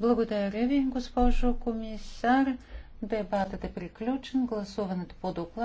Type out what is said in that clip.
Благодаря ви, госпожо комисар. Дебатът е приключен. Гласуването по доклад.